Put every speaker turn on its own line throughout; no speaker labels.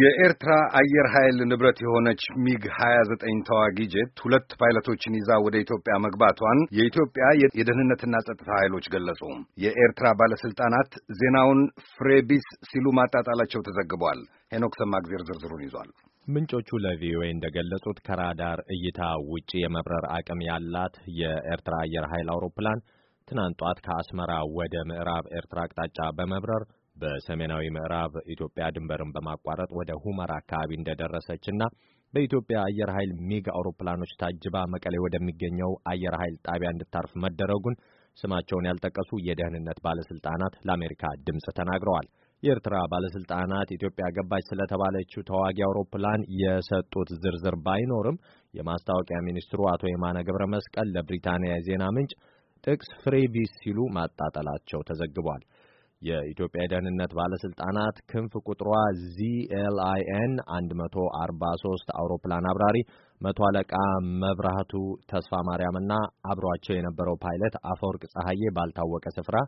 የኤርትራ አየር ኃይል ንብረት የሆነች ሚግ 29 ተዋጊ ጄት ሁለት ፓይለቶችን ይዛ ወደ ኢትዮጵያ መግባቷን የኢትዮጵያ የደህንነትና ጸጥታ ኃይሎች ገለጹ። የኤርትራ ባለስልጣናት ዜናውን ፍሬቢስ ሲሉ ማጣጣላቸው ተዘግቧል። ሄኖክ ሰማግዜር ዝርዝሩን ይዟል።
ምንጮቹ ለቪኦኤ እንደገለጹት ከራዳር እይታ ውጪ የመብረር አቅም ያላት የኤርትራ አየር ኃይል አውሮፕላን ትናንት ጧት ከአስመራ ወደ ምዕራብ ኤርትራ አቅጣጫ በመብረር በሰሜናዊ ምዕራብ ኢትዮጵያ ድንበርን በማቋረጥ ወደ ሁመራ አካባቢ እንደደረሰችና በኢትዮጵያ አየር ኃይል ሚግ አውሮፕላኖች ታጅባ መቀሌ ወደሚገኘው አየር ኃይል ጣቢያ እንድታርፍ መደረጉን ስማቸውን ያልጠቀሱ የደህንነት ባለስልጣናት ለአሜሪካ ድምፅ ተናግረዋል። የኤርትራ ባለስልጣናት ኢትዮጵያ ገባች ስለተባለችው ተዋጊ አውሮፕላን የሰጡት ዝርዝር ባይኖርም የማስታወቂያ ሚኒስትሩ አቶ የማነ ገብረ መስቀል ለብሪታንያ የዜና ምንጭ ጥቅስ ፍሬ ቢስ ሲሉ ማጣጠላቸው ተዘግቧል። የኢትዮጵያ የደህንነት ባለስልጣናት ክንፍ ቁጥሯ ዚኤልአይኤን 143 አውሮፕላን አብራሪ መቶ አለቃ መብራቱ ተስፋ ማርያምና አብሯቸው የነበረው ፓይለት አፈወርቅ ፀሐዬ ባልታወቀ ስፍራ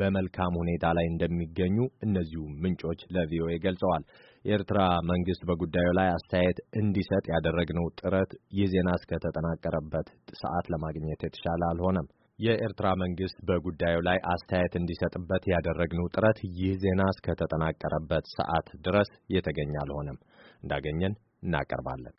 በመልካም ሁኔታ ላይ እንደሚገኙ እነዚሁ ምንጮች ለቪኦኤ ገልጸዋል። የኤርትራ መንግስት በጉዳዩ ላይ አስተያየት እንዲሰጥ ያደረግነው ጥረት የዜና ዜና እስከተጠናቀረበት ሰዓት ለማግኘት የተሻለ አልሆነም። የኤርትራ መንግስት በጉዳዩ ላይ አስተያየት እንዲሰጥበት ያደረግነው ጥረት ይህ ዜና እስከተጠናቀረበት ሰዓት ድረስ የተገኘ አልሆነም። እንዳገኘን እናቀርባለን።